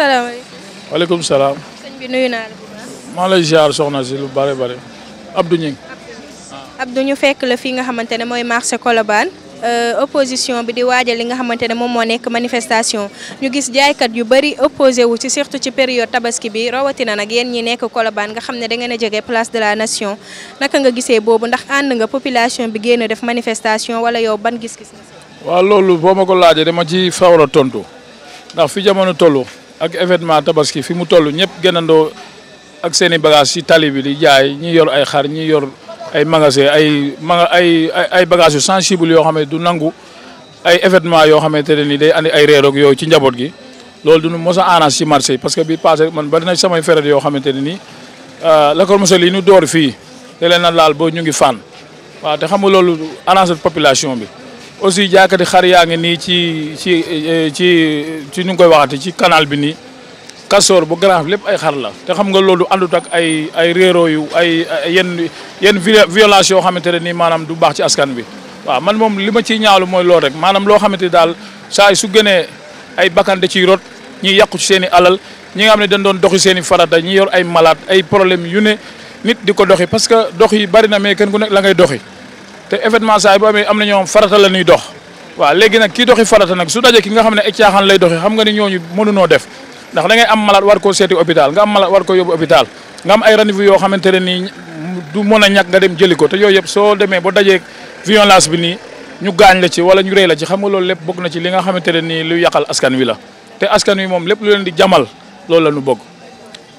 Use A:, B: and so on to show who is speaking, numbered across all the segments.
A: salaamaaleykum.
B: waaleykum salaam.
A: sëñ bi nuyu naa la bu baax.
B: maa lay ziar soxna si lu bare bare Abdou Ñing.
A: Abdou ñu fekk la fii nga xamante ne mooy marché Colobane. Euh, opposition bi di waajal li nga xamante ne moom moo nekk manifestation ñu gis jaaykat yu bëri opposé wu ci surtout ci période tabaski bi rawatina nag yéen ñi nekk Colobane nga xam ne da ngeen a jege place de la nation naka nga gisee boobu ndax ànd nga population bi génn def manifestation wala yow ban gis-gis nga.
B: waaw loolu boo ma ko laajee dama ci fawra ak événement tabaski fi mu toll ñëpp gënandoo ak seeni i bagages ci tali bi di jaay ñi yor ay xar ñi yor ay magasin ay maga ay ay bagages yu sensible yoo xam ne du nangu ay événement yoo xamante ne nii day andi ay réer ak yooyu ci njaboot gi loolu du mos a arrange ci marché parce que bi passé man bari na samay feret yoo xamante ne nii euh, lakor mosal li nu door fii te leen na laal boo ñu ngi fànn waaw te xam nga loolu arrange population bi aussi jaakati xar yaa ngi nii ci ci ci ci ñu ngi koy waxati ci canal bi nii kasoor bu garaaf lépp ay xar la te xam nga loolu àndut ak ay ay réero yu ay yenn yenn violence yoo xamante ne nii maanaam du baax ci askan bi waaw man moom li ma ciy ñaawlu mooy loolu rek maanaam loo xamante ni daal saa su gënee ay bakkan da ciy rot ñi yàqu ci seen i alal ñi nga xam ne dañ doon doxi seen i farata ñi yor ay malade ay problème yu ne nit di ko doxi parce que dox yi bari na mais kenn ku nekk la ngay doxi te événement saa bu amee am na ñoom farata la ñuy dox waaw léegi nag ki doxi farata nag su daje ki nga xam ne ay caaxaan lay doxi xam nga ni ñooñu mënunoo def ndax da am malade war koo seeti hôpital nga am malade war koo yóbbu hôpital nga am ay rendez-vous yoo xamante ne nii du mën a ñàkk nga dem jëli ko te yooyu yëpp soo demee ba dajee violence bi nii ñu gaañ la ci wala ñu rey la ci xam nga loolu lépp bokk na ci li nga xamante ne nii luy yàqal askan wi la te askan wi moom lépp lu leen di jamal loolu la ñu bëgg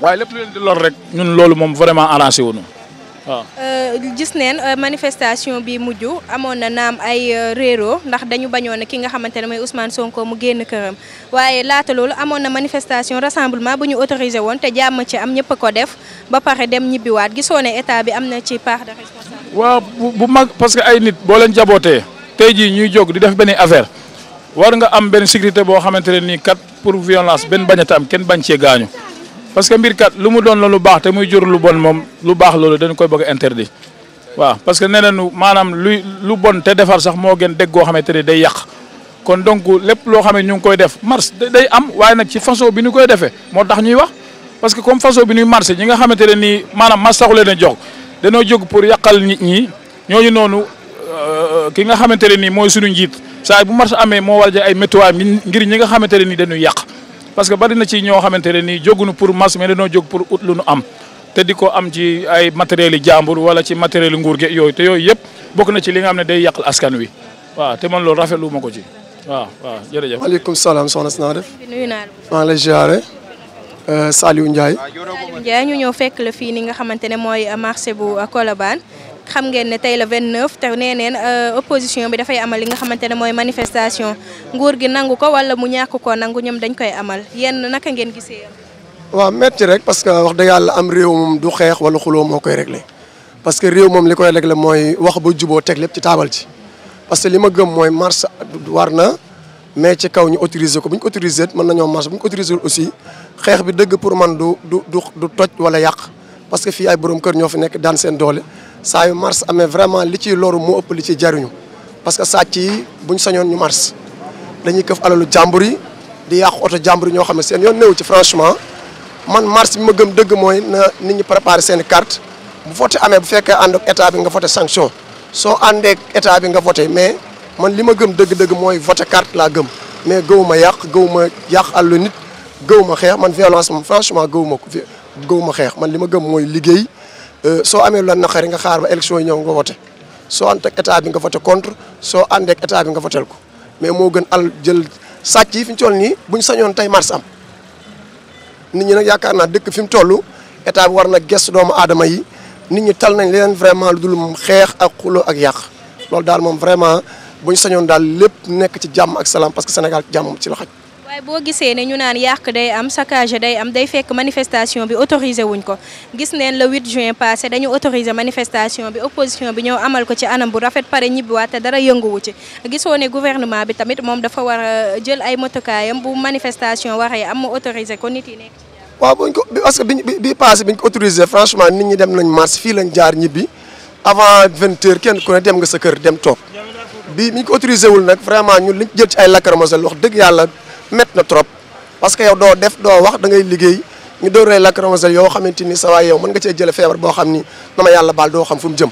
B: waaye lépp lu leen rek ñun loolu moom vraiment arrangé wuñu waaw
A: euh, gis neen euh, manifestation bi mujj amoon na naam ay euh, réeroo ndax dañu bañoon ki nga xamante ne mooy Ousmane Sonko mu génn këram waaye laata loolu amoon na manifestation rassemblement bu ñu autorisé woon te jàmm ci am ñëpp ko def ba pare dem ñibbiwaat gisoo ne état bi am na ci paax de responsabilité.
B: waaw bu mag parce que ay nit boo leen jabootee tey jii ñuy jóg di def benn affaire war nga am benn sécurité boo xamante ne nii kat pour violence benn bañ a am kenn bañ cee gaañu. parce que mbirkat lu mu doon la lu baax te muy jur lu bon moom lu baax loolu dañ koy bëgg a interdit waaw parce que nee nu maanaam luy lu bon te defar sax moo gën dégg goo xamante ne day yàq kon donc lépp loo xam ne ñu ngi koy def mars day am waaye nag ci façon bi ñu koy defee moo tax ñuy wax parce que comme façon bi ñuy marché ñi nga xamante ne nii maanaam mas taxu leen a jox danoo jóg pour yàqal nit ñi ñooñu noonu euh, ki nga xamante ne nii mooy suñu njiit saa bu marché amee moo war a jël ay ngir ñi nga xamante ne nii dañuy yàq parce que bari na ci ñoo xamante ne nii jógunu pour mas mais dañoo jóg pour ut lu nu am te di ko am ci ay matériels yi jàmbur wala ci matériel nguur gi yooyu te yooyu yëpp bokk na ci li nga xam ne day yàqal askan wi waa te man loolu rafetlu ma ko ci waaw waaw jërëjëf. maaleykum salaam soxna si naa def. nuyu naa la.
C: maa euh,
A: ñu ñëw fekk la fii ni nga xamante ne mooy euh, marché bu euh, Colobane. xam ngeen ne tey la vingt 29 te nee neen euh, opposition bi dafay amal yi nga xamante ne mooy manifestation nguur gi nangu ko wala mu ñàkk ko nangu ñoom dañ koy amal yenn naka ngeen gisee.
C: waaw metti rek parce que wax dëgg yàlla am réew moom du xeex wala xuloo moo koy réglé parce que réew moom li koy réglé mooy wax ba juboo teg lépp ci taabal ci parce que li ma gëm mooy marche war na mais ci kaw ñu autorisé ko bu ñu mën nañoo marche bu ñu ko autorisé aussi xeex bi dëgg pour man du du du du toj wala yàq parce que fii ay borom kër ñoo fi nekk daan seen doole saa yu mars amee vraiment li ciy loru moo ëpp li ci jariñu parce que sàcc yi buñ sañoon ñu mars dañuy këf alalu jàmbur yi di yàqu oto jàmbur yi ñoo xam ne seen yoon néew ci franchement man mars bi ma gëm dëgg mooy na nit ñi prépare seen carte bu voté amee bu fekkee ànd ak état bi nga voté sanction soo àndeek état bi nga voté mais man li ma gëm dëgg-dëgg mooy voté carte laa gëm mais gëwuma yàq gëwuma yàq àllu nit gëwuma xeex man violence moom franchement gëwuma ko gëwuma xeex man li ma gëm mooy liggéey Euh, soo amee lan naqari nga xaar ba élection yi ñëw nga woote soo ànd ak état bi nga voté contre soo àndee ak bi nga votel ko mais moo gën al jël sàcc yi fi mu toll nii bu ñu sañoon tey mars am nit ñi nag yaakaar naa dëkk fi mu toll état bi war na gëstu doomu aadama yi nit ñi tal nañ leen vraiment lu dul xeex ak xulo ak yàq loolu daal moom vraiment bu ñu sañoon daal lépp nekk ci jàmm ak salaam parce que Sénégal ci jàmm ci la
A: waaye boo gisee ne ñu naan yàq day am saccage day am day fekk manifestation bi autorisé wuñ ko gis neen le 8 juin passé dañu autorisé manifestation bi opposition bi ñëw amal ko ci anam bu rafet pare ñibbiwaat te dara yënguwu ci gisoo ne gouvernement bi tamit moom dafa war a jël ay motukaayam bu manifestation waree am ma autorisé ko nit yi nekk ci
C: waaw buñ ko parce bi bi passé biñ ko autorisé franchement nit ñi dem nañ marche fii lañ jaar ñibbi avant 20 heures kenn ku nga sa kër dem toog bi wul nag vraiment ñun liñ jël ci ay lacrymogène dëgg yàlla métti na trop parce que yow doo def doo wax da ngay liggéey ñu door lay lacrymogène yoo xamante ni sa yow mën nga cee jële feebar boo xam ni na ma yàlla baal doo xam fu mu jëm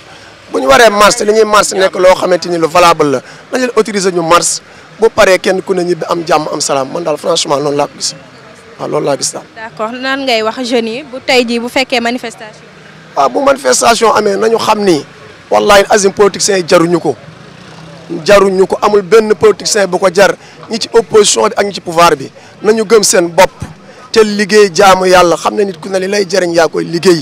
C: bu ñu waree marche li ñuy marche nekk loo xamante ni lu valable la dañ leen autoriser ñu marche bu paree kenn ku ne ñibbi am jàmm am salaam man daal franchement loolu laa ko gis waaw loolu laa gis daal.
A: d'accord nan ngay wax jeunes yi bu tey jii bu fekkee manifestation.
C: waaw bu manifestation amee nañu xam ni wallahi azim politiciens yi jaruñu ko. jaruñu ko amul benn politicien bu ko jar ñi ci opposition bi ak ñi ci pouvoir bi nañu gëm seen bopp te liggéey jaamu yàlla xam ne nit ku ne li lay jëriñ yaa koy liggéey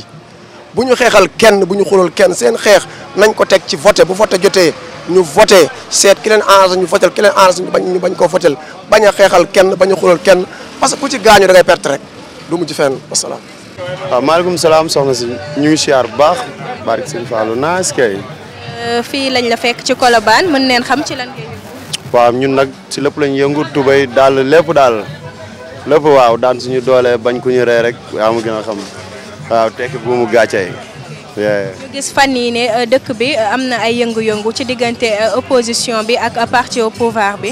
C: bu ñu xeexal kenn bu ñu xulul kenn seen xeex nañ ko teg ci voté bu voté jotee ñu voté seet ki leen arrangé ñu votel ki leen arrangé ñu bañ ñu bañ koo votel bañ a xeexal kenn bañ a xulal kenn parce que ku ci gaañu da ngay perte
D: rek du mujj fen wasalaam. waaw ah, maaleykum salaam soxna si ñu ngi siyaar bu baax barke sëñ naa naas kay
A: Euh, fii lañ la fekk ci Colobane mën neen xam ci lan ngay
D: yëngu. waaw ñun nag ci lépp lañ yëngu tubay daal lépp daal lépp waaw daan suñu doolee bañ ku ñu ree rek yaa ma gën a xam waaw tekki bu mu gàccee. ñu
A: gis fan yii ne euh, dëkk bi euh, am na ay yëngu-yëngu ci diggante opposition bi ak parti au pouvoir bi.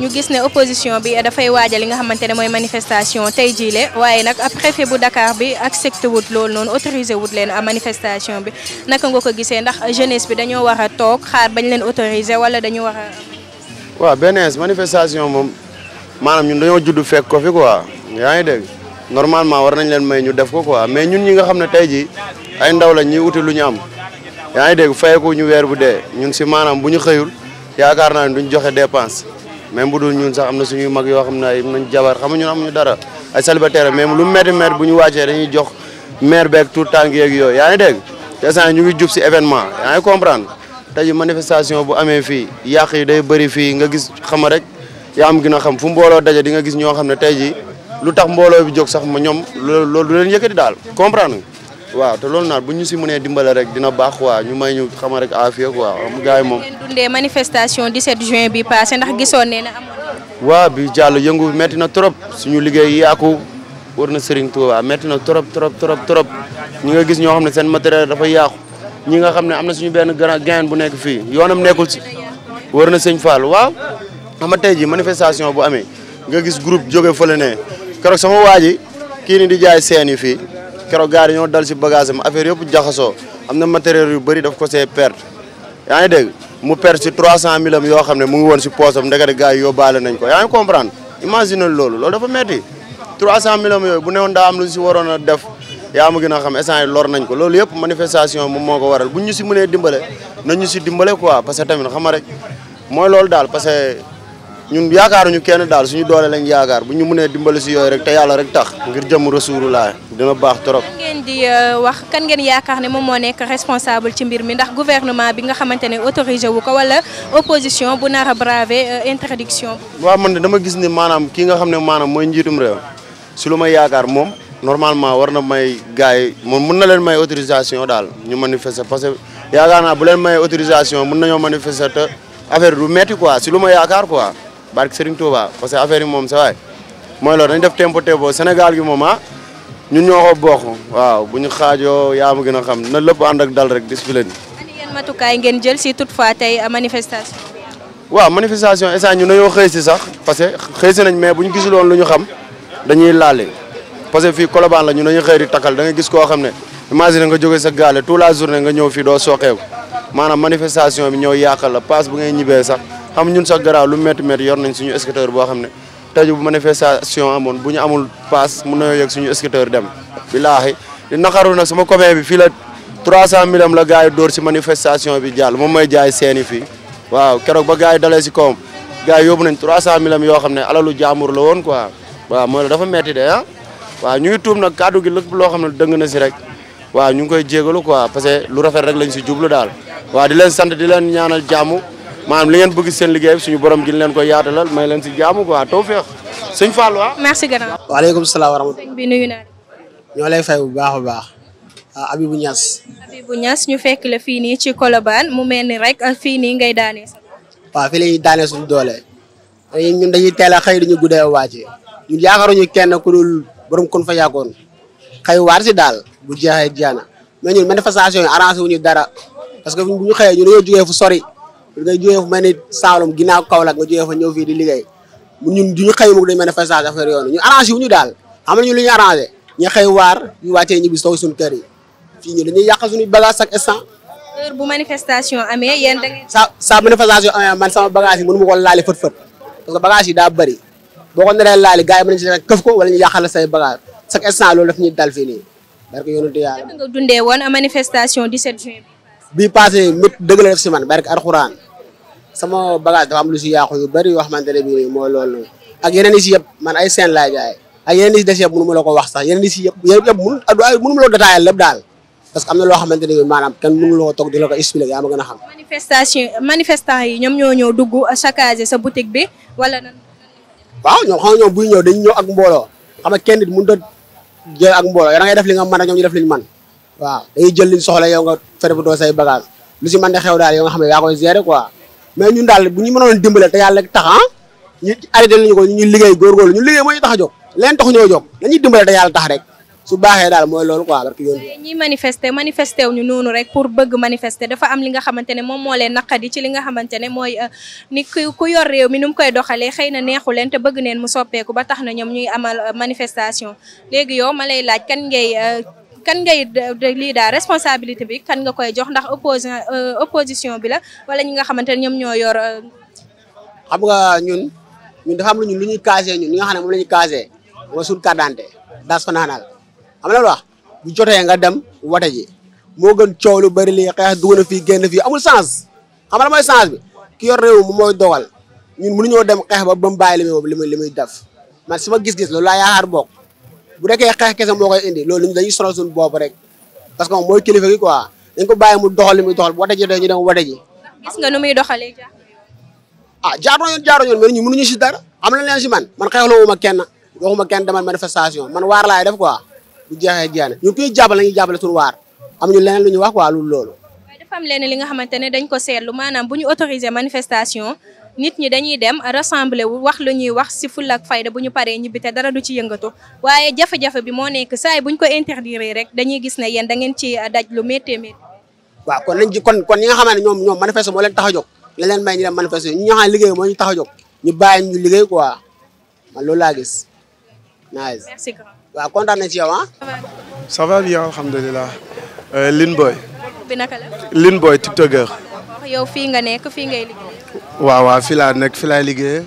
A: ñu gis ne opposition bi dafay waajal li nga xamante ne mooy manifestation tey jii le waaye nag préfet bu Dakar bi ak accepté wut loolu noonu autorisé wut leen à manifestation bi naka nga ko gisee ndax jeunesse bi dañoo war a toog xaar bañ leen autorisé wala dañu war a.
D: waaw beneen manifestation moom maanaam ñun dañoo judd fekk ko fi quoi yaa ngi dégg normalement war nañ leen may ñu def ko quoi mais ñun ñi nga xam ne tey jii ay ndaw la ñuy uti lu ñu am. yaa ngi dégg fayeku ñu weer bu dee ñun si maanaam ñu xëyul yaakaar naa ne duñ joxe dépense même bu dul ñun sax am na suñuy mag yoo xam ne ay nañ jabar xam nga ñun amuñu dara ay célibataire même lu métti métti bu ñu wàccee dañuy jox maire beeg tout tànk yeeg yooyu yaa ngi dégg te instant ñu ngi jub si événement yaa ngi comprendre tey manifestation bu amee fii yàq yi day bëri fii nga gis xama rek yaa am gën a xam fu mbooloo daje di nga gis ñoo xam ne tey ji lu tax mbooloo bi jóg sax ma ñoom loolu lu leen yëkkati daal comprendre nga waaw te loolu naat bu ñu si mënee dimbale rek dina baax quoi ñu may ñu xama rek aafiya quoi am gars yi moom.
A: dundee manifestation 17 juin bi passé ndax gisoon nee na
D: amoon. waaw bi jàll yëngu metti na trop suñu liggéey yaaku war na Serigne Touba metti na trop trop trop trop ñi nga gis ñoo xam ne seen matériel dafa yaaku ñi nga xam ne am na suñu benn grand gain bu nekk fii yoonam nekkul si. wër na sëñ Fall waaw xam tey ji manifestation bu amee nga gis groupe jóge fële ne keroog sama waa ji kii ni di jaay seen yi fii. keroog gars yi ñoo dal si bagage am affaire yëpp jaxasoo am na matériel yu bëri daf ko see perte yaa ngi mu perte si 300000 am yoo xam ne mu ngi woon si poosam ndekete gars yi yóbbaale nañ ko yaa ngi comprendre imagine loolu loolu dafa metti 300000 am yooyu bu newoon daa am lu si waroon a def yaa ma gën a xam instant yi lor nañ ko loolu yëpp manifestation moom moo ko waral bu ñu si mënee dimbale nañ ñu si dimbale quoi parce que tamit xam nga rek mooy loolu daal parce ñun yaakaaruñu kenn daal suñu doole lañ yaakaar bu ñu mënee dimbali si rek te yàlla rek tax ngir jëm rasulullah dina baax trop.
A: kan di euh, wax kan ngeen yaakaar ne moom moo nekk responsable ci mbir mi ndax gouvernement bi nga xamante ne autorisé wu ko wala opposition bu nar a braver euh, interdiction.
D: waaw man de dama gis ni maanaam kii nga xam ne maanaam mooy njiitum réew si lu may yaakaar moom. normalement war na may gars yi moom mun na leen may autorisation daal ñu manifester parce yaakaar naa bu leen may autorisation mun nañoo manifester te affaire du metti quoi si lu ma yaakaar quoi. barke Serigne Touba parce que affaire yi moom sa waay mooy loolu dañ def tempo tempo Sénégal gi moom ah ñun ñoo ko bokk waaw bu ñu xaajoo yaa ma gën a xam na lépp ànd ak dal rek discipline.
A: ani yan matukaay ngeen jël si toutefois tey manifestation.
D: waaw manifestation instant ñun dañoo xëy si sax parce que xëy si nañ mais bu ñu gisul woon lu ñu xam dañuy laale parce que fii Colobane la ñun dañuy xëy di takkal da nga gis koo xam ne imagine nga jógee sa gaale toute la journée nga ñëw fii doo sooxeeku maanaam manifestation bi ñëw yàqal la passe bu ngay ñibbee sax. xam ñun sax garaaw lu métti métti yor nañ suñu scooter boo xam ne tey bu manifestation amoon bu ñu amul paas mun na yegg suñu scooter dem bilaahi di naqaru nag sama copain bi fii la 300 mille am la gars yi dóor si manifestation bi jaal moom mooy jaay seeni fii waaw keroog ba gars yi dalee si kawam gars yi yóbbu nañ 300 mille am yoo xam ne alalu jaamur la woon quoi waaw mooy la dafa metti de ah waaw ñu ngi tuub nag kàddu gi lépp loo xam ne dëng na si rek waaw ñu ngi koy jégalu quoi parce que lu rafet rek lañ si jublu daal waaw di maanaam li ngeen bëgg seen liggéey bi suñu borom gi leen ko yaatalal may leen si jaamu quoi tawfeex sëñ Fallou ah. merci gannaaw. waaleykum salaam wa
A: rahmatulah. ñoo lay fay bu baax a baax. Ah, Abibou Niass. Abibou Niass ñu fekk la fii nii ci Colobane mu mel ni rek fii ni ngay daane.
E: waaw fii la ñuy daane suñu doole. ñun dañuy teel a xëy dañuy guddee wàcce ñun yaakaaruñu kenn ku dul borom kon fa yàggoon xëy waar si daal bu jeexee jeex na mais ñun manifestation yi arrangé dara parce que bu ñu xëyee ñu jugee fu sori. nga jógee fu mel ni Saalum ginnaaw Kaolack nga jógee fa ñëw fii di liggéey ñun duñu xëy muk dañ manifestation affaire yoonu ñu arrangé wu ñu daal xam nañu lu ñu arrangé ñu xëy waar ñu wàccee ñibbi toog suñu kër yi fii ñu dañuy yàq suñu bagage chaque instant
A: heure bu manifestation amee yéen da ngeen
E: sa sa manifestation amee man sama bagage yi mënu ma ko laali fët fët parce que bagage yi daa bëri boo ko naree laali gars yi mën nañ si rek këf ko wala ñu yàqal la say bagage chaque instant loolu daf ñuy dal fii nii barke yonent yàlla
A: nga dundee woon manifestation 17 juin
E: bi passé mét dëgg la def si man barke alxuraan sama bagage dafa am lu si yàqu yu bari yoo xamante ne bii nii mooy loolu noonu ak yeneen yi si yëpp man ay seen laay jaay ak yeneen si des yëpp mënu ma la ko wax sax yeneen yi si yëpp yëpp mënu mënu ma la ko détaillé lépp daal parce que am na loo xamante ne maanaam kenn mënu
A: la ñoo ñëw dugg saccagé sa bi wala nan.
E: waaw ñoom xam nga ñoom buy ñëw dañ ñëw ak mbooloo xam nga kenn nit mun a jël ak mbooloo yow da ngay def li nga mën ak ñoom ñu def li ñu mën waaw dañuy jël liñ soxla yow nga ferbu doo say bagage lu si mën de xew daal yow xam ne yaa koy mais ñun daal bu ñu mënoon dimbale te yàlla tax ah ñu arrêté nañu ko ñu liggéey góorgóorlu ñu liggéey moo ñu tax a jóg rek su baaxee daal mooy loolu quoi barki
A: yoon noonu rek pour bëgg manifester dafa am li nga xamante ne moom moo leen naqadi ci li nga xamante ne mooy euh, ni ku yor réew mi nu mu koy doxalee xëy na neexu leen te bëgg neen mu soppeeku ba tax na ñoom ñuy amal euh, manifestation léegi yow ma lay laaj kan ngay euh, kan ngay lii daal responsabilité bi kan nga koy jox ndax opposi euh, opposition bi la wala ñi nga xamante ne ñoom ñoo yor. Euh,
E: xam nga ñun ñun dafa am lu ñun lu ñuy casé ñun ñi nga xam ne moom la ñuy casé mooy suñu carte d'identité daas ko naanal xam la wax bu jotee nga dem wote ji moo gën coow lu bëri lii xeex dugg na fi génn fii amul sens xam la mooy sens bi ki yor réew mi mooy dogal ñun mënuñoo dem xeex ba ba mu bàyyi li muy li muy def man su ma gis-gis loolu laa yaakaar bokk. bu nekkee xeex kese moo koy indi loolu dañuy sonal suñu bopp rek parce que moom mooy kilifa gi quoi dañ ko bàyyi mu doxal li muy doxal bu wate ñu dem wate ji.
A: nga nu muy doxalee ah jaaroo
E: yoon jaaroo yoon mais ñu mënuñu si dara am na leen si man man xeexloo ma kenn waxuma kenn demal manifestation man waar laay def quoi bu jeexee jeex na ñun ku ñu jàppale ñu jàppale suñu waar amuñu leneen lu ñu wax quoi loolu loolu.
A: am lenn li nga xamante ne dañ ko seetlu maanaam bu ñu autorisé manifestation nit ñi dañuy dem rassembler wu wax lu ñuy wax si fulla ak fayda bu ñu paree ñibbi te dara du ci yëngatu waaye jafe-jafe bi moo nekk saay buñ ko interdire rek dañuy gis ne yéen da ngeen ci daj lu méttee métti
E: waaw kon lañ ci kon ñi nga xam ñoom ñoom manifeste moo leen tax a leen may ñu dem manifeste ñi nga xam ne moo ñu tax a jóg ñu bàyyi ñu liggéey quoi man loolu laa gis nice merci
A: waaw kontaan nañ ci yow ah
F: ça va bien alhamdulilah euh, Lin Boy
A: yow fii nga nekk fii ngay
F: waaw waaw fii laa nekk fii
D: laay liggéeyee.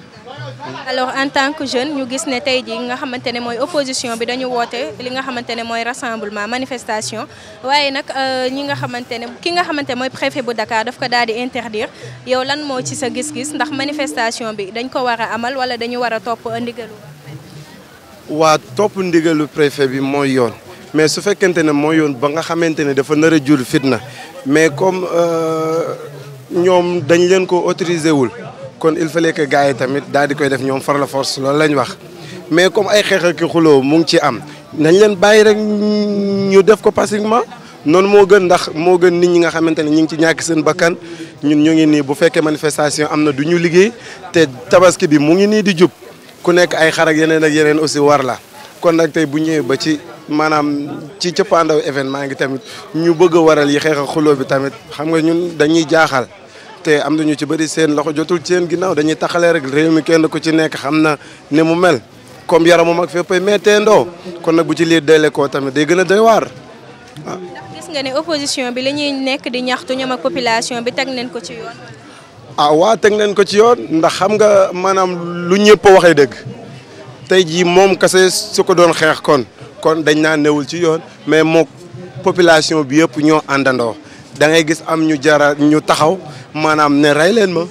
A: alors en tant que jeune ñu gis ne tey jii nga xamante ne mooy opposition bi dañu woote li nga xamante ne mooy rassemblement manifestation waaye nag euh, ñi nga xamante ne ki nga xamante mooy préfet bu dakaar daf ko daal di interdire yow lan moo ci sa gis-gis ndax manifestation bi dañ ko war a amal wala dañu war a topp ndigalu.
F: waa topp ndigalu préfet bi mooy yoon mais su fekkente ne mooy yoon ba nga xamante ne dafa nar a jur fitna mais comme. Euh, ñoom dañ leen ko autorisé wul kon il fallait que gars yi tamit daal di koy def ñoom far la force loolu lañu wax mais comme ay xeex ak xuloo mu ngi ci am nañ leen bàyyi rek ñu def ko pacifiquement noonu moo gën ndax moo gën nit ñi nga xamante ne ñu ngi ci ñàkk seen bakkan ñun ñu ngi nii bu fekkee manifestation am na du ñu liggéey te tabaski bi mu ngi nii di jub ku nekk ay xarak yeneen ak yeneen aussi war la kon nag tey bu ñëwee ba ci maanaam ci cëppaandaw événement ngi tamit ñu bëgg a waral yi xeex xuloo bi tamit xam nga ñun dañuy jaaxal. te am na ñu ci bari seen loxo jotul ci seen ginnaaw dañuy taxalee rek réew mi kenn ko ci nekk xam na ne mu mel comme yaramam ak féppay méttee ndoo kon nag bu ci lii deelee koo tamit day gën a doy waar
A: waaw. Ah. gis nga bi la nekk di ñaxtu ñoom ak population bi teg nañ ko ci yoon.
F: Ah, waa teg nañ ko ci yoon ndax xam nga maanaam lu ñëpp waxee dëgg tey jii moom kese su ko doon xeex kon kon dañ naa newul ci yoon mais mook population bi yëpp ñoo àndandoo da ngay gis am ñu jara ñu taxaw. maanaam ne rey leen ma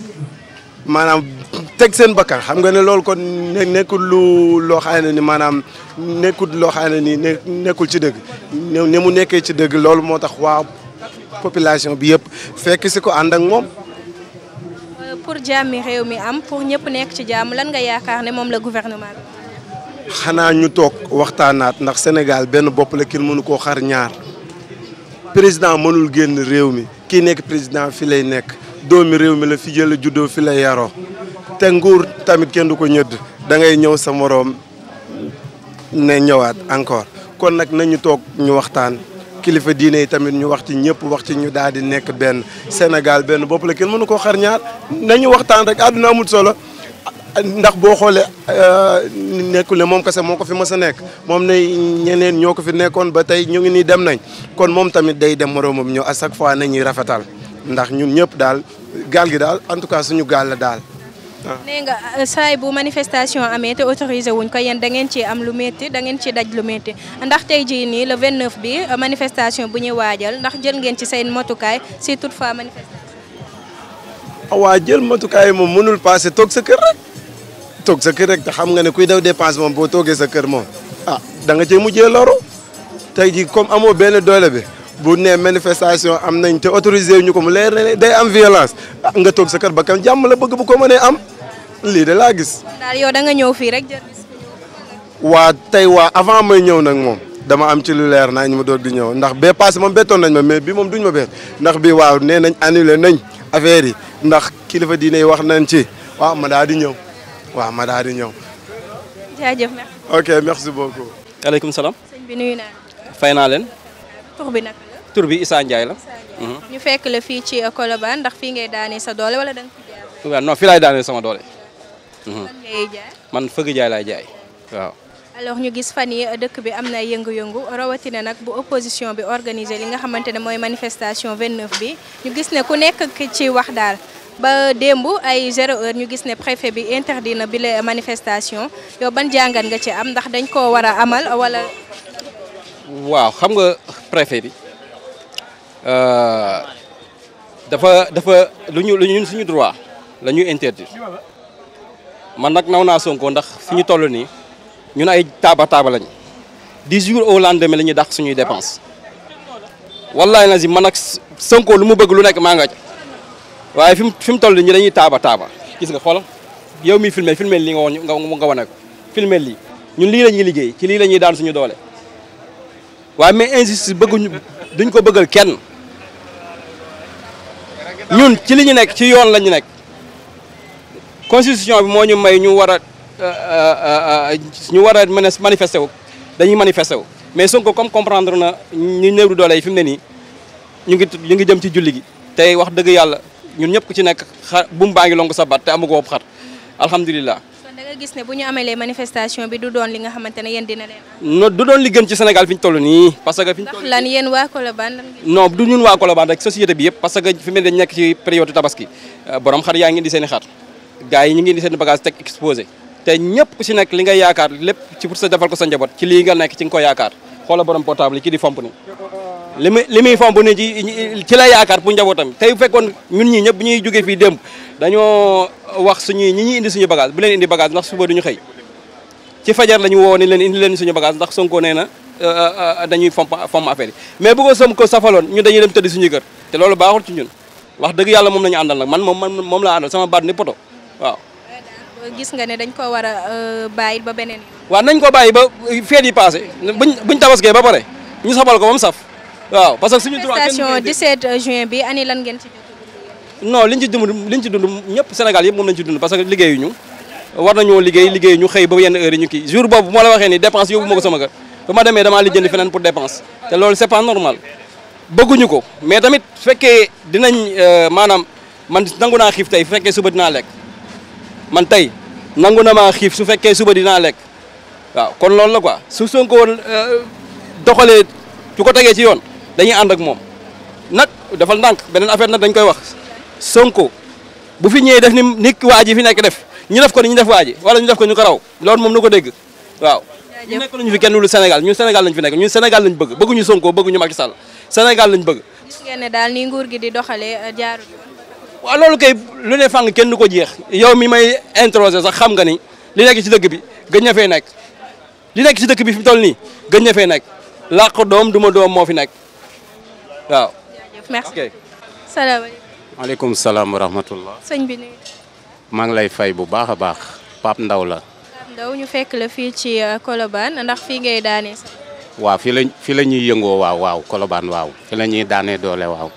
F: maanaam teg seen bakkan xam nga ne loolu kon ne nekkul lu loo xam ni maanaam nekkut loo xam ne ni nekkul ci dëgg ne mu nekkee ci dëgg loolu moo tax waa population bi yëpp fekk si ko ànd ak moom.
A: pour jàmmi réew mi am pour ñëpp nekk ci jàmm lan nga yaakaar ne moom la gouvernement bi.
F: xanaa ñu toog waxtaanaat ndax Sénégal benn bopp la kenn mënu koo xar ñaar président mënul génn réew mi kii nekk président fi lay nekk. doomi réew mi la fi jëla juddoo fi la yaro te nguur tamit kenn du ko ñëdd dangay ñëw sa moroom ne ñëwaat encore kon nag nañu toog ñu waxtaan kilifa diine yi tamit ñu wax ci ñëpp wax ci ñu daal di nekk benn Sénégal benn bopp la kenn mënu koo xarñaar ñaar nañu waxtaan rek àdduna amul solo ndax boo xoolee euh, nekkul ne moom kese moo ko fi mës a nekk moom ne ñeneen ñoo ko fi nekkoon ba tey ñu ngi nii dem nañ kon moom tamit day dem moroomam ñëw à chaque fois nañuy rafetal ndax ñun ñëpp daal gaal gi daal en tout cas suñu gaal la daal.
A: nee nga euh, saay bu manifestation amee te autorisé wuñ ko yéen da ngeen ci am lu metti da ngeen ci daj lu métti ndax tey jii nii le 29 bi euh, manifestation bu ñuy waajal ndax jël ngeen ci seen motukaay si toutefois manifestation.
F: waa jël motukaay moom mënul passé toog sa kër rek toog sa kër rek te xam nga ne kuy daw dépense moom boo toogee sa kër moom ah da nga cee mujjee loru tey jii comme amoo benn doole bi. bu nee manifestation am nañ te autorisé wu ñu ko mu leer ne day am violence ah, nga toog sa kër ba kan jàmm la bëgg bu ko am lii de laa gis.
A: daal da nga ñëw fii rek jël
F: waa tey waa avant may ñëw nag moom dama am ci lu leer naa ñu ma doog di ñëw ndax bee passé moom bettoon nañ ma mais bi moom duñ ma bett ndax bi waaw nee nañ annulé nañ affaire yi ndax kilifa diine yi wax nañ ci waaw ma daal di
G: ñëw waaw ma daal di ñëw. merci. ok merci beaucoup. aleykum naa leen.
A: tur bi nag la.
G: tur bi Issa Ndiaye la.
A: ñu fekk la fii ci Colobane ndax fii ngay daanee sa doole wala da nga fi
G: jaay. waaw non fii laay daanee sama doole. Mhm. man fëgg jaay laay jaay waaw.
A: alors ñu gis fan yi dëkk bi am na yëngu-yëngu rawatina nag bu opposition bi organisé li nga xamante ne mooy manifestation 29 bi ñu gis ne ku nekk ci wax daal ba démb ay zéro ñu gis ne préfet bi interdit na bi la manifestation yow ban jàngat nga ci am ndax dañ koo war a amal wala.
G: waaw xam nga préfet bi euh, dafa dafa lu ñu lu ñun suñu droit la ñuy interdire man nag naw naa Sonko ndax fi ñu toll nii ñun ay taaba taaba lañu dix jours au lendemain la ñuy dàq suñuy dépense wallaay na si man nag Sonko lu mu bëgg lu nekk maa nga ca waaye fi mu fi ñu dañuy taaba taaba gis nga xoolal yow miy filmé filmé lii nga woon nga wane ko filmé lii ñun lii la ñuy liggéey ci lii la ñuy daan suñu doole. waaye mais injustice bëgguñu duñ ko bëggal kenn ñun ci li ñu nekk ci yoon la ñu nekk constitution bi moo ñu may ñu war a euh, euh, ñu war a mën wu dañuy manifesté wu mais Sonko comme comprendre na ñu néew doole yi fi mu ne nii ñu ngi ñu ngi jëm ci julli gi te wax dëgg yàlla ñun ñëpp ku ci nekk xa bu baa ngi lonk sa baat te amu ko xar alhamdulilah.
A: nga bu ñu amalee manifestation bi du doon li nga xamante ne dina leen
G: non du doon li ci Sénégal fi ñu toll nii parce fi ñu
A: toll lan yéen waa Colobane
G: non du ñun waa Colobane rek société bi yëpp parce tabaski euh, borom xar yaa ngi di seen xar gars ngi di seen bagage teg exposé te ñëpp ku nekk li nga yaakaar lépp ci pour sa defal ko sa njaboot ci lii nga nekk ci nga ko yaakaar xoola borom portable ci di fomp ni li muy li ni ci la yaakaar pour wax suñuy ñi ñuy indi suñu bagage bu leen indi bagage ndax suba duñu xëy ci fajar la ñu woo ni leen indi leen suñu bagage ndax son nee na euh, euh, euh, dañuy fomp fomp affaire yi mais bu ko Sonko safaloon ñun dañuy dem tëdd suñu kër te loolu baaxul ci ñun wax dëgg yàlla moom nañu àndal nag man moom man moom laa àndal sama baat ni poto waaw
A: gis nga ne dañ ko war a bàyyi ba beneen
G: waaw nañ ko bàyyi ba feet yi passé buñ buñ tabaskee ba pare ñu safal ko ba mu saf waaw parce que suñu
A: 17 juin bi ani lan ngeen
G: non liñ ci dund liñ ci dund ñëpp Sénégal yëpp moom lañ ci dund parce que liggéeyuñu war nañoo liggéey liggéey ñu xëy ba yenn heure yi ñu kii jour boobu moo la waxee ni dépense yóbbu ma ko sama kër ba ma demee damaa lijjanti feneen pour dépense te loolu c'est pas normal bëgguñu ko mais tamit fekkee dinañ euh, maanaam man nangu naa xiif tey fekkee suba dinaa lekk man tey nangu na maa xiif su fekkee suba dinaa lekk waaw kon loolu la ko su Sonko woon euh, doxalee su ko tegee ci yoon dañuy ànd ak moom nag defal ndànk beneen affaire nag dañ koy wax Sonko bu fi ñëwee def ni ni waa ji fi nekk def ñu def ko ni ñu def waa ji wala ñu def ko ñu ko raw loolu moom nu ko dégg waaw. ñu nekk ñu fi kenn lu senegal ñu senegal lañ fi nekk ñun Sénégal lañ bëgg bëgguñu Sonko bëgguñu Macky Sall Sénégal lañ bëgg.
A: gis ngeen ne daal ni nguur gi di doxalee euh, jaarul
G: waaw loolu kay lu ne fang kenn du ko jeex yow mi may introsé sax xam nga ni li nekk ci dëkk bi gëj na nekk li nekk ci dëkk bi mu toll nii
H: gëj na fee làq doom duma doom moo fi nekk waaw. merci maaleykum salaam wa rahmatullah sëñ bi nuyu maa ngi lay fay bu baax a baax Pape Ndaw la.
A: Pape ñu fekk la fii ci euh, Colobane ndax fii ngay daane.
H: waaw fii la fii la ñuy yëngoo waaw waaw Colobane waaw fi la ñuy daanee doole waaw.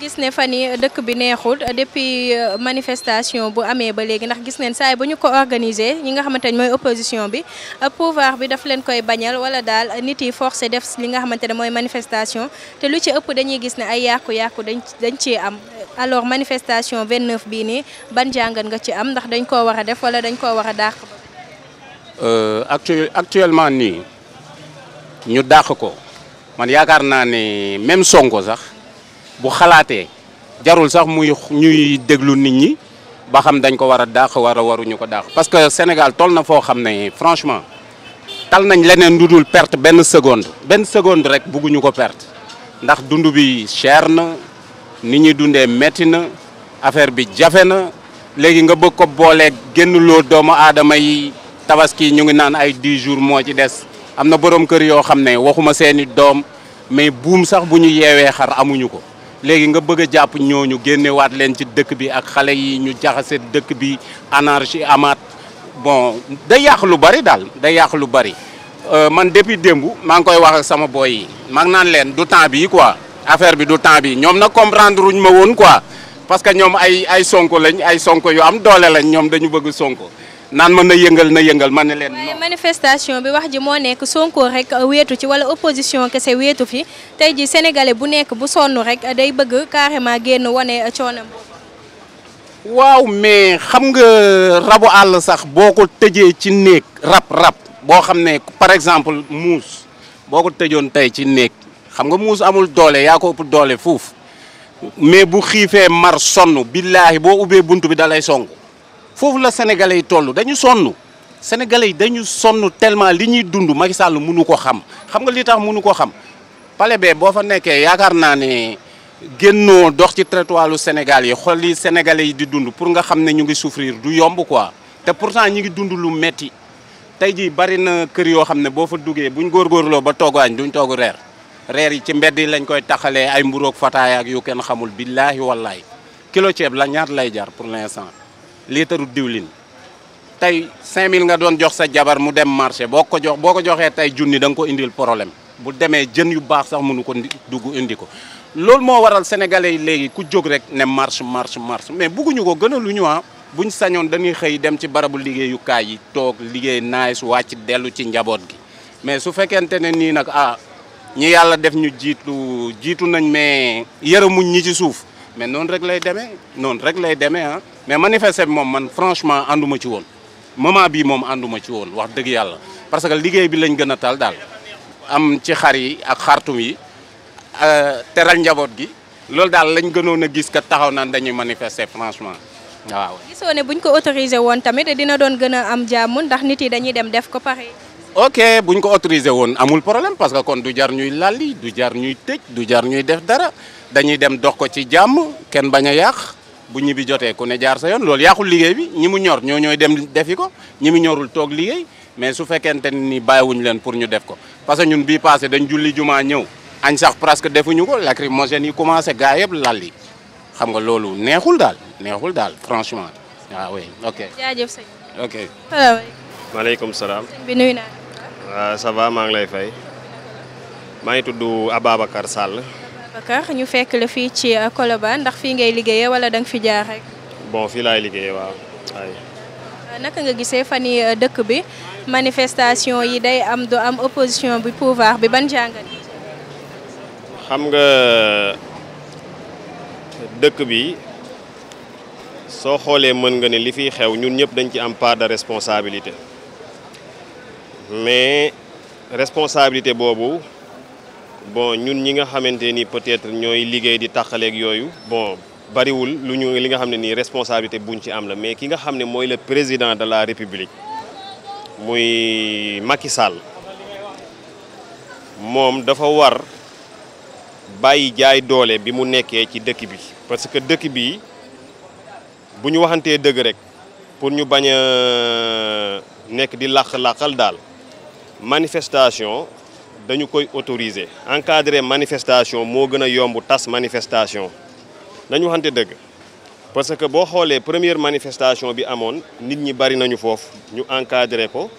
A: gis ne fan yi dëkk bi neexul depuis euh, manifestation bu amee ba léegi ndax gis neen saa bu ñu ko organiser ñi nga xamante ne mooy opposition bi euh, pouvoir bi daf leen koy bañal wala daal nit yi forcé def li nga xamante ne mooy manifestation te lu ci ëpp dañuy gis ne ay yàqu-yàqu dañ dañ ci am alors manifestation 29 bii nii ban jàngat nga ci am ndax dañ koo war a def wala dañ koo war a dàq
H: euh, actuellement nii ñu dàq ko man yaakaar naa ne même Sonko sax bu xalaatee jarul sax muy ñuy déglu nit ñi ba xam dañ ko war a dàq war a waruñu ko dàq parce que Sénégal toll na foo xam ne franchement tal nañ leneen lu dul perte benn seconde benn seconde rek bugguñu ko perte ndax dund bi cher na nit ñi dundee metti na affaire bi jafe na léegi nga bëgg ko boolee génn loo doomu aadama yi tabaski ñu ngi naan ay 10 jours moo ci des am na borom kër yoo xam ne waxuma seeni doom mais buum sax bu ñu yeewee xar amuñu ko léegi nga bëgg a jàpp ñooñu génnewaat leen ci dëkk bi ak xale yi ñu jaxase dëkk bi anarchie amaat bon da yàq lu bari daal day yàq lu bari. Euh, man depuis démb maa ngi koy wax ak sama boy yi mag naan leen du temps yi quoi affaire bi du temps bi ñoom nag comprendre wuñ ma woon quoi parce que ñoom ay ay sonko lañ ay sonko yu am doole lañ ñoom dañu bëgg sonko. naan ma na yëngal na yëngal ma ne leen. waaye
A: manifestation bi wax ji moo nekk Sonko rek wéetu ci wala opposition kese wéetu fi tey ji sénégalais bu nekk bu sonn rek day bëgg carrément génn wane coonam.
H: waaw mais xam nga rabu àll sax boo ko tëjee ci néeg rab rab boo xam ne par exemple muus boo ko tëjoon tey ci néeg xam nga muus amul doole yaa ko ëpp doole fuuf mais bu xiifee mar sonn billaahi boo ubbee bunt bi dalay song foofu la sénégalais yi toll dañu sonnu sénégalais yi dañu sonn tellement li ñuy dund Macky Sall mënu ko xam xam nga li tax munu ko xam pale bee boo fa nekkee yaakaar naa ne génnoo dox ci trottoir lu Sénégal yi xol li sénégalais yi di dund pour nga xam ne ñu ngi souffrir du yomb quoi te pourtant ñu ngi dund lu metti tey jii bari na kër yoo xam ne boo fa duggee buñ góorgóorloo ba togg añ duñ togg reer reer yi ci mbedd yi lañ koy taxalee ay mburoog fataay ak yu kenn xamul billaahi wallaahi kilo ceeb la ñaata lay jar pour l'instant liitaru diwlin tey 5000 nga doon jox sa jabar mu dem marché boo ko jox boo ko joxee tey junni da nga ko indil problème bu demee jën yu baax sax mënu ko dugg indi ko loolu moo waral sénégalais yi léegi ku jóg rek ne marche marche marche mais bugguñu ko gën a lu ñu ah buñ sañoon dañuy xëy dem ci barabu liggéeyukaay yi toog liggéey naay su wàcc dellu ci njaboot gi mais su fekkente ne nii nag ah ñi yàlla def ñu jiitu jiitu nañ mais yërëmuñ ñi ci suuf mais noonu rek lay demee noonu rek lay demee ah. mais manifester moom man franchement ànduma ci woon moment bii moom ànduma ci woon wax dëgg yàlla parce que liggéey bi lañ gën a taal daal am ci xar yi ak xartum yi euh, teral njaboot gi loolu daal lañ gënoon a gis kat taxaw naan dañuy manifester franchement waaw.
A: gisoo ne buñ ko autorisé woon tamit dina doon gën a am jàmm ndax nit yi dañuy dem def ko pare.
H: ok buñ ko autorisé woon amul problème parce que kon du jar ñuy lalli du jar ñuy tëj du jar ñuy def dara. dañuy dem dox ko ci jàmm kenn bañ a yàq bu ñibbi jotee ku ne jaar sa yoon loolu yàqul liggéey bi ñi mu ñor ñoo ñooy dem defi ko ñi mu ñorul toog liggéey mais su fekkente ni wuñ leen pour ñu def ko parce que ñun bii passé dañ julli jumaa ñëw añ sax presque defuñu ko lacrymogène yi commencé gaa yëpp lal yi xam nga loolu neexul daal neexul daal franchement waaw ah oui ok. jaajëf ah, maa ngi lay fay.
I: maa ngi tudd Ababacar Sall.
A: Bakar ñu fekk la fii ci euh, Colobane ndax fii ngay liggéeyee wala da fi jaar rek.
I: bon fii lay liggéeyee waaw euh,
A: naka nga gisee fan yi euh, dëkk bi manifestation yi day am du am opposition bi pouvoir bi ban jàngat.
I: xam nga dëkk bi soo xoolee mën nga ne li fiy xew ñun ñëpp dañ ci am part de responsabilité mais responsabilité boobu. bon ñun ñi nga xamante ni peut-être ñooy liggéey di tàqaleeg yooyu bon bariwul lu ñu li nga xam ne nii responsabilité buñ ci am la mais ki nga xam ne mooy le président de la république muy Macky Sall moom dafa war bàyyi jaay doole bi mu nekkee ci dëkk bi parce que dëkk bi bu ñu waxantee dëgg rek pour ñu bañ a nekk di làq-làqal daal manifestation dañu koy autoriser encadré manifestation moo gën a yomb tas manifestation nañu waxante dëgg parce que boo xoolee première manifestation bi amoon nit ñi bari nañu foofu ñu encadrer ko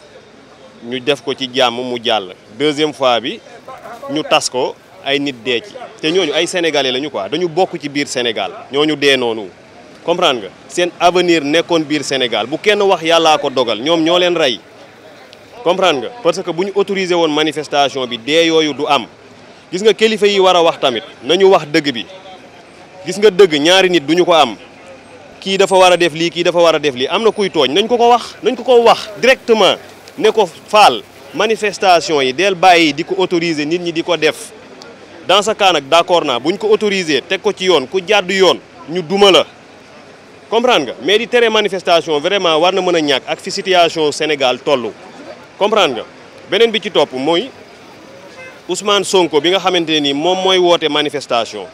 I: ñu def ko ci jàmm mu jàll. deuxième fois bi ñu tas ko ay nit dee ci te ñooñu ay sénégalais lañu quoi dañu bokk ci biir Sénégal ñoo ñu dee noonu comprendre nga seen avenir nekkoon biir Sénégal bu kenn wax yàllaa ko dogal ñoom ñoo leen rey. comprendre nga parce que bu ñu autorisé woon manifestation bi dee yooyu du am gis nga kilifa yi war a wax tamit nañu wax dëgg bi gis nga dëgg ñaari nit duñu ko am kii dafa war a def lii kii dafa war a def lii am na kuy tooñ nañ ko ko wax nañ ko ko wax directement ne ko faal manifestation yi del bàyyi di ko autoriser nit ñi di ko def dans ce cas nag d'accord naa buñ ko autoriser teg ko ci yoon ku jàdd yoon ñu duma la comprendre nga mais di tere manifestation vraiment war na mën a ñàkk ak fi situation Sénégal tollu comprendre nga beneen bi ci topp mooy Ousmane Sonko bi nga xamante nii moom mooy woote manifestation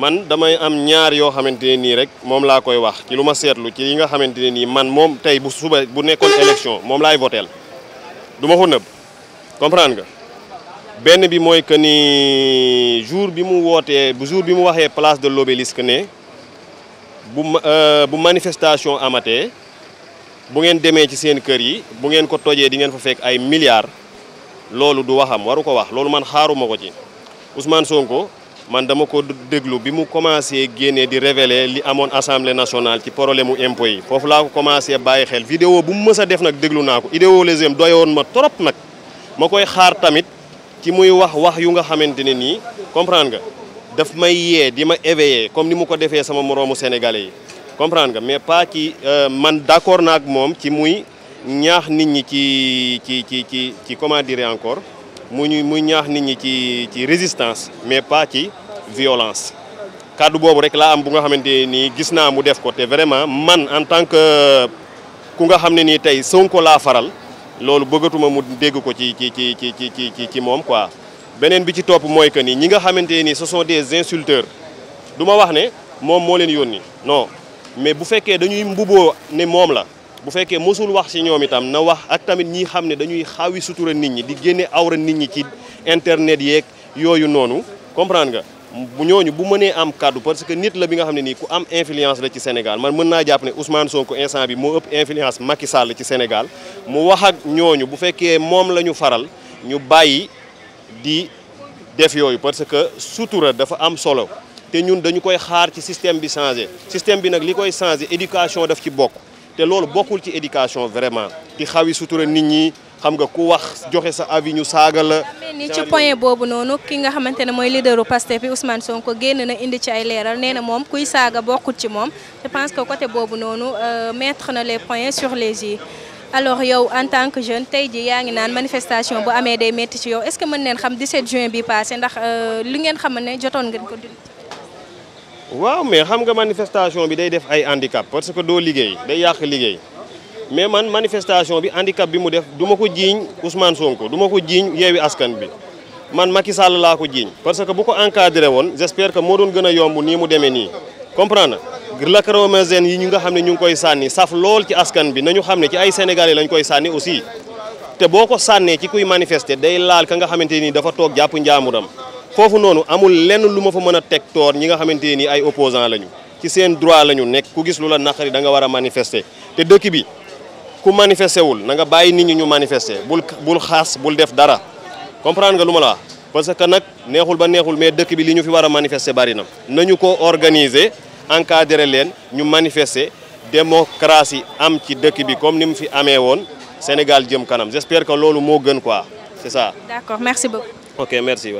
I: man damay am ñaar yoo xamante nii rek moom laa koy wax ci lu ma seetlu ci yi nga xamante ne nii man moom tey bu suba bu nekkoon mhm. élection moom laay voteel du ma ko nëbb comprendre nga benn bi mooy que ni jour bi mu wootee bu jour bi mu waxee place de lobe l'Obélisque ne bu euh, bu manifestation amatee bu ngeen demee ci seen kër yi bu ngeen ko tojee di ngeen fa fekk ay milliards loolu du waxam waru ko wax loolu man xaaruma ko ci Ousmane Sonko man dama ko déglu bi mu commencé génne di révéler li amoon assemblée nationale ci problème mu impôt yi foofu laa ko commencé bàyyi xel vidéo bu mu mës a def nag déglu naa ko idéologie doyoon ma trop nag ma koy xaar tamit ci muy wax wax yu nga xamante ne nii comprendre nga daf may yee di ma éveiller comme ni mu ko defee sama moroomu sénégalais yi comprendre nga mais pas ci euh, man d'accord naa moom ci muy ñaax nit ñi ci ci ci ci ci comment encore mu ñu muy ñaax nit ñi ci ci résistance mais pas ci violence. kàddu boobu rek laa am bu nga xamante ni gis naa mu def ko te vraiment man en tant que ku nga xam ne nii tey Sonko laa faral loolu bëggatuma mu dégg ko ci ci ci ci ci ci ci moom quoi. beneen bi ci topp mooy que ni ñi nga xamante ni ce sont des insulteurs du ma wax ne moom moo leen yoon non. mais bu fekkee dañuy mbuboo ne moom la bu fekkee mosul wax ci ñoom itam na wax ak tamit ñi xam ne dañuy xaawi sutura nit ñi di génne awra nit ñi ci internet yeeg yooyu noonu comprendre nga bu ñooñu bu mënee am kàddu parce que nit la bi nga xam ne nii ku am influence la ci Sénégal man mën naa jàpp ne Ousmane ko instant bi moo ëpp influence Macky Sall ci Sénégal mu wax ak ñooñu bu fekkee moom la ñu faral ñu bàyyi di def yooyu parce que sutura dafa am solo te ñun dañu koy xaar ci système bi changé système bi nag li koy changé éducation def ci bokk te loolu bokkul ci éducation vraiment di xawi sutura nit ñi xam nga ku wax joxe sa avis ñu saaga la
A: ni ci point boobu noonu ki nga xamante ne mooy leaderu Pastef bi Ousmane Sonko génn na indi ci ay leeral nee na moom kuy saaga bokkul ci moom je pense que côté boobu noonu euh, mettre na le points sur les i alors yow en tant que jeune tey ji yaa ngi naan manifestation bu amee day métti ci yow est mën neen xam 17 juin bi passé ndax euh, li ngeen xam ne jotoon ngeen ko dund
I: waaw mais xam nga manifestation bi day def ay handicap parce que doo liggéey day yàq liggéey mais man manifestation bi handicap bi mu def duma ko jiiñ Ousmane Sonko ko duma ko jiiñ yeewi askan bi man Macky Sall laa ko jiiñ parce que bu ko encadré woon j'espère que moo doon gën a yomb nii mu demee nii comprendre na lacrymogène yi ñu nga xam ne ñu ngi koy sànni saf lool ci askan bi nañu xam ne ci ay sénégal sénégalais lañ koy sànni aussi te boo ko sànnee ci kuy manifester day laal ka nga xamante ni dafa toog jàpp njaamuram foofu noonu amul lenn lu ma fa mën a teg toor ñi nga xamante ni ay opposant lañu ci seen droit lañu nekk ku gis lu la naqari da nga war a te dëkk bi ku manifester wul na nga bàyyi nit ñi ñu manifester bul bul xaas bul def dara comprendre nga lu ma la parce que nag neexul ba neexul mais dëkk bi li ñu fi war a manifester bari na ñu ko organiser encadrer leen ñu manifester démocratie am ci dëkk bi comme ni mu fi amee woon Sénégal jëm kanam j'espère que loolu moo gën quoi ça. d'accord merci